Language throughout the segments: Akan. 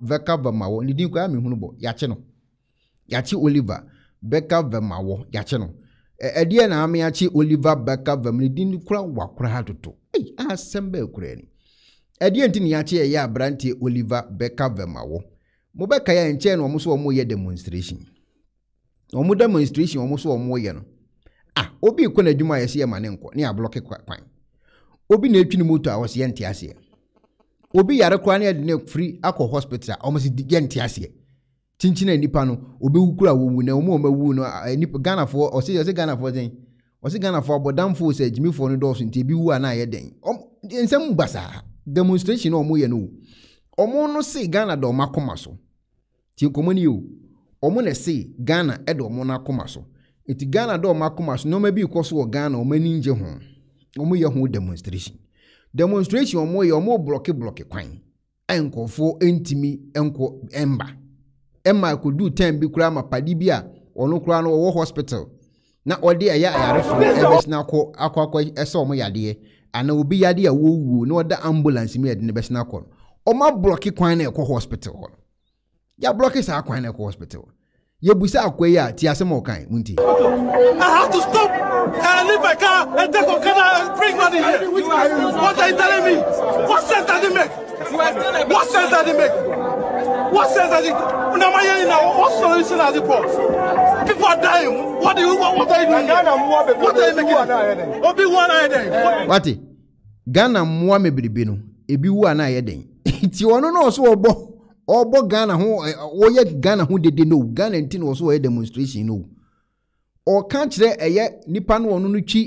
Veka Vemawɔ ne din koraa mehunu ya yɛakye no yɛakye Oliver Beka Vemawɔ yɛakye no ɛdeɛ na ame akye Oliver Beka Vem ne din kora wakora dodo ei asɛm bɛɛ kora ni ɛdeɛ nti ne yɛakye ɛyɛ aberanteɛ Oliver Beka Vemawɔ mobɛka ya na wɔn nso wɔn yɛ demonstration wɔn demonstration yɛ no ah obi a ma ne nkɔ ne kwan obi na a obi yare koraa ne yɛde no afiri akɔ hospital a ɔmo si yɛnte aseɛ kyinkyin a nipa no kura na wɔn a wɔwu no nipa ghanafoɔ ɔsi ɔsi ghanafoɔ sɛn ɔsi ghanafoɔ abɔdanfoɔ sɛ gyimifoɔ no dɔɔso nti ebi a na adị dɛn nsɛm mu basaa demonstration a yɛ no no ghana da akoma so nkɔmɔ ni o na ghana demonstration ọmụ ya ọmụ blọki blọki kwan a ntumi nkɔ mba mma akɔdu time bi koraa ma padi bi a ɔno koraa no hospital na ɔde ɛyɛ ayarefoɔ ɛbɛsena akɔ akɔ akɔ ɛsɛ ɔmo yadeɛ ana obi yade a wɔwuo na ɔda ambulance mu yɛde ne bɛsena akɔ no ɔmo ablɔki kwan na ɛkɔ hospital hɔ kwan na ɛkɔ hospital yɛbusa akwayi a te asɛm ɔkan mu nti I leave my car and take Okada and bring money here. What are you telling me? What sense does it make? What sense does it make? What sense does it make? What solution has it brought? People are dying. What, do you, what, what are you doing? What are you making? Obi one eye then. Wati, Ghana mmoa mebiribi no, ebi wu ana ayɛ den. Nti ɔno ɔso ɔbɔ. ɔbɔ ghana ho ɔyɛ ghana ho dede no ghana nti na ɔso ɔyɛ demonstration no ɔka kyerɛ ɛyɛ nipa no ɔno no twi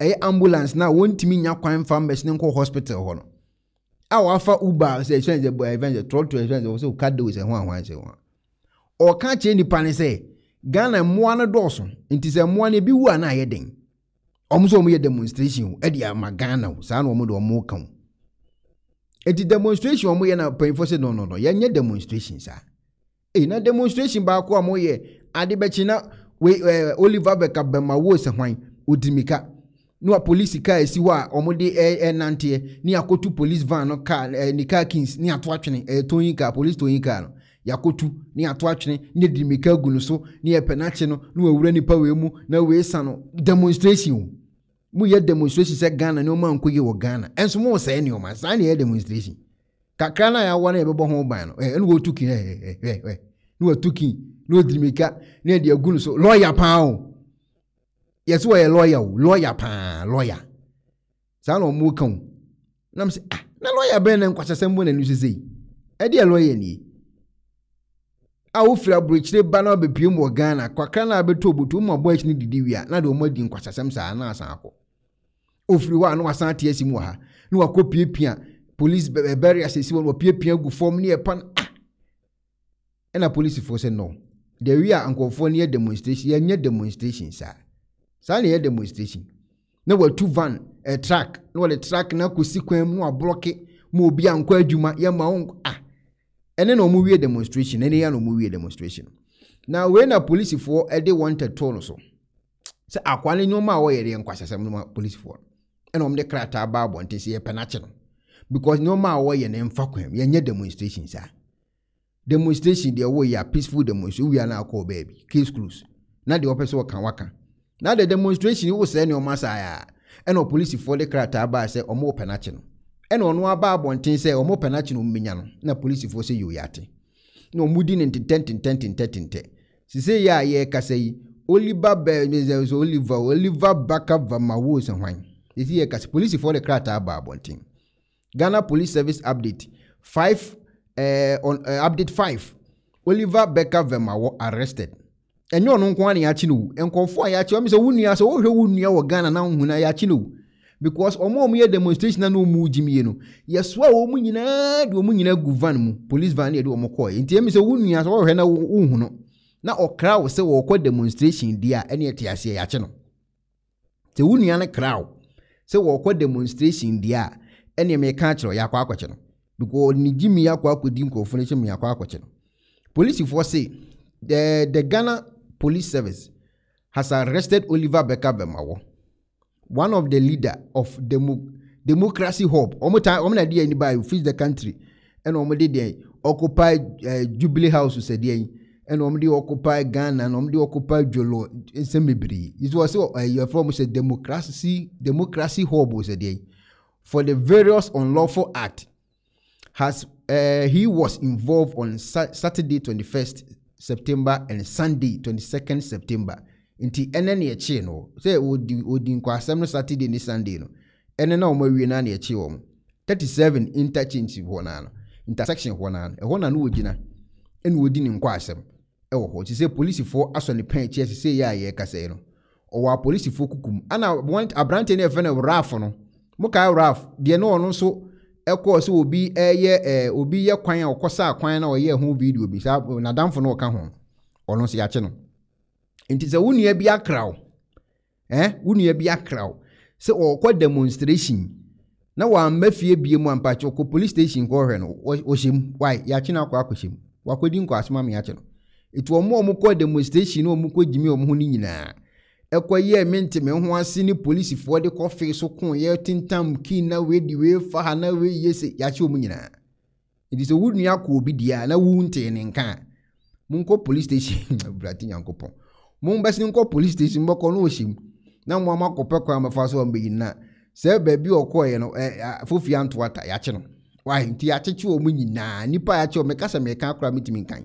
ɛyɛ ambulance na wɔntumi nya kwan fa mbɛsi ne nkɔ hospital hɔ no a wafa uber sɛ sɛ bɔ ɛfɛn sɛ ɛfɛn sɛ ɔka ho sɛ ɔka kyerɛ nipa sɛ ghana mmoa no dɔɔso nti sɛ mmoa no ebi wu a na ayɛ den nti demonstration a wɔyɛ na mpanyinfoɔ sɛ no no no yɛnyɛ demonstration sa ee na demonstration baako a wɔyɛ ade bɛkyi na wei ɛɛ oliver bɛka bɛma wo sɛ hwan odi mika ne polisi kaa esi hɔ a wɔde ɛɛnanteɛ ne akotu police van no kaa ɛɛ ne kaa kings ne ato atwene ɛɛ toyin kaa polisi toyin kaa no yakotu ne ato atwene ne di mika gu no so ne yɛ pɛ n'akyi no ne wɔ wura nipa wei mu na wei sa no demonstration Mu moyɛ demonstration sɛ ghana nneɔma nkɔ yie wɔ ghana ɛnso mo sɛɛ nneɔma saa ne yɛ demonstration kakra no na yɛawa no yɛbɛbɔ ho ban no ɛne wɔtu ki ne watu ki ne ɔdirimika ne ɛde agu no so lɔya paa o yɛsɛ wɔyɛ lɔya o lɔya paa lɔya saa na ɔmo ka o nam sɛ ah na lɔya bɛn na nkwahyɛsɛm bɔ n'anu sese yi ɛdeɛ lɔya nie a wofiri aburokyire ba na wabɛpie mu wɔ ghana kwakra na a bɛtɔ obutu mu abɔ akyi no didi wia na de ɔmo adi nkwahyɛsɛm saa na asan akɔ ofiri hɔ a na wasan te asi mu wɔ ha na wakɔ piapia police barrier sɛ si wɔn wɔpiapia gu fam ne yɛ pan ah ɛna polisifoɔ sɛ no the way a nkɔfoɔ no yɛ demonstration yɛnyɛ demonstration saa saa na yɛ demonstration na watu van ɛ track na wɔde track na akɔsi kwan mu na wablɔke ma obi ankɔ adwuma yɛma wɔn ah ɛne na wɔn wie demonstration ɛne yɛ na wɔn wie demonstration na wei na polisifoɔ ɛde wɔn tɛtɔɔ no so sɛ akwa ne nneɛma a wɔyɛ deɛ nkwasasɛm no ma polisifoɔ no ɛna wɔn de krataa ba abɔnten sɛ yɛpɛ n'akyi no because nneɛma a wɔyɛ no mfa kwan mu yɛnyɛ demonstration saa demonstration deɛ wɔyɛ a peaceful demonstration wia no akɔ baabi case close na deɛ wɔpɛ sɛ wɔka waka na de demonstration wɔ sɛ nneɛma saa yɛ a ɛna polisifoɔ de krataa ba sɛ wɔn wɔpɛ n'akyi no ɛna ɔno aba abɔnten sɛ wɔn wɔpɛ n'akyi no mmenya no na polisifoɔ sɛ yɛ ate na wɔn di ne ntentɛntentɛntentɛ sise yɛ a yɛrekasa yi oliver bɛɛ eh, oliver oliver bakava sɛ hwan ɛsi yɛ kase polisifoɔ ne krataa baa abɔnten ghana police service update 5 eh, on, eh, update five oliver becker vermawo arrested ɛnyɛ ɔno nko ara na yɛakye no wu nkɔmfoɔ a yɛakye ɔmo sɛ wo nua sɛ wohwɛ wo nua wɔ ghana na nhuna no because ɔmo a ɔmo yɛ demonstration na ɔmo gyi mie no yɛsoa wɔn nyinaa de wɔn nyinaa gu van mu police van yɛ de wɔn kɔɛ nti ɛmi sɛ wo nua sɛ wohwɛ na wohu no na ɔkra wo sɛ wɔkɔ demonstration deɛ a ɛne ɛte aseɛ yɛakye no sɛ wo nua no kra wo sɛ wɔkɔ demonstration deɛ a ɛnea meka akyerɛ yɛakɔ akɔkye no because ne gyi mi akɔ akɔdi nkurɔfoɔ no kyɛ mi akɔ akɔkye no polisifoɔ se the the ghana police service has arrested oliver beka bemawo one of the leader of demo democracy hub wɔn ta wɔn na di yɛn ni ba you fix the country ɛna wɔn de deɛ occupy uh, jubilee house sɛ deɛ yɛn ɛna wɔn de occupy ghana na wɔn de occupy jolo nsɛm bebree nti wɔ sɛ ɛyɛ fɔlɔ mo sɛ democracy democracy hub sɛ deɛ for the various unlawful act has uh, he was involved on saturday twenty first september and sunday twenty second september nti ɛnɛ na yɛkyi no sɛ odi odi nkwasɛm no saturday ne sunday no ɛnɛ na wɔn awie na na yɛkyi wɔn thirty seven interchange hɔ naa intersection hɔ naa no ɛhɔ naa no wɔgyina ɛna wɔdi ne nkwasɛm wɔ hɔ te sɛ polisifoɔ asɔ ne pɛn kyɛ sɛ yɛ a yɛrekasa yi no ɔwɔ apolisifoɔ kukum ana aberante no yɛfɛ no raf no mokae raf deɛ ne ɔno nso ɛkɔɔ sɛ obi ɛyɛ ɛɛ obi yɛ kwan a ɔkɔsa kwan na ɔyɛ ho video bi saa nadamfo no ɔka ho ɔno nso yɛakye no nti sɛ wo nua bi akraw ɛn wo nua bi akraw sɛ ɔkɔ demonstration na wɔamma fie bie mu ampakyɛ ɔkɔ police station kɔhwɛ no ɔhyɛ mu wae yɛakye no akɔ akɔhyɛ mu wakɔdi nkɔ asoma me yɛakye no ɛti wɔn a wɔkɔ demonstration na wɔkɔ gyimi wɔn ho no nyinaa ɛkɔ yɛ mintimi ho ase ne polisifoɔ de kɔfe so ko yɛ tintam kii na wei di wei fa ha na wei yɛ se yɛakyɛ wɔn nyinaa ɛti sɛ wɔn nua kɔ obi deɛ na wɔn ntee ne nka mo nkɔ police station abirante nyanko pɔn mo mbɛsi nkɔ police station mbɛkɔ na ɔhyɛ mu na mo ama kɔpɛ kwan amefa so wɔn bɛyi na sɛ baabi ɔkɔɔ yɛ no ɛɛ eh, eh, fofi antoa ta yɛakyɛ no waayi nti yɛakyekyɛ wɔn nyinaa nipa yɛakyɛ wɔn mɛkasa mɛka akora mɛtumi nkan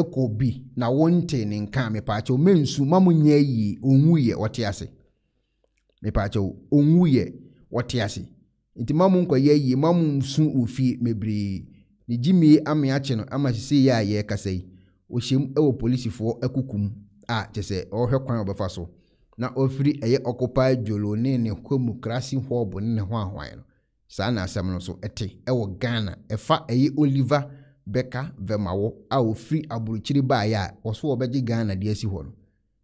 ɛkɔ bi na wɔnte ne nka mepaakyɛw mensu ma mo nyɛ yie ɔnwu yɛ ɔte ase mepaakyɛw ɔnwu yɛ ɔte ase nti ma mo nkɔyɛ yie ma mo nsu ofie mebree ne gyimie ame akye no ama sisi yɛ a yɛrekasa yi ɔhyɛm wɔ polisifoɔ akukum a kyɛ sɛ ɔrehwɛ kwan a ɔbɛfa so na ɔfiri ɛyɛ ɔkopa dwolo ne ne hɔmukrasi hɔɔbo ne ne ho ahwan no saa na asɛm no nso ɛte ɛwɔ ghana ɛfa ɛyɛ oliver bɛka vɛmawɔ a ofiri aburukyiri baayɛ a ɔso ɔbɛgye ghana de asi hɔ no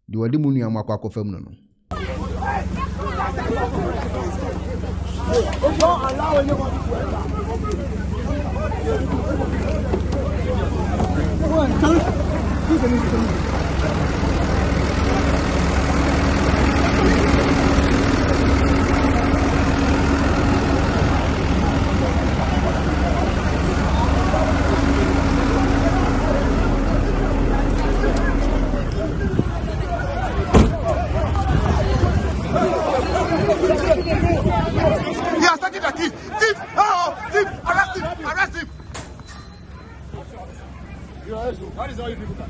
deɛ wɔde mu nnuamu akɔ akɔfa mu no no Thank you. all you people can.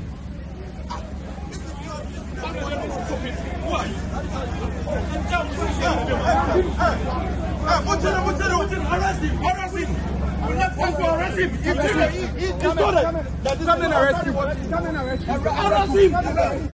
Arrest him! Arrest him! We're not going to arrest him! He's not arrested! Arrest him!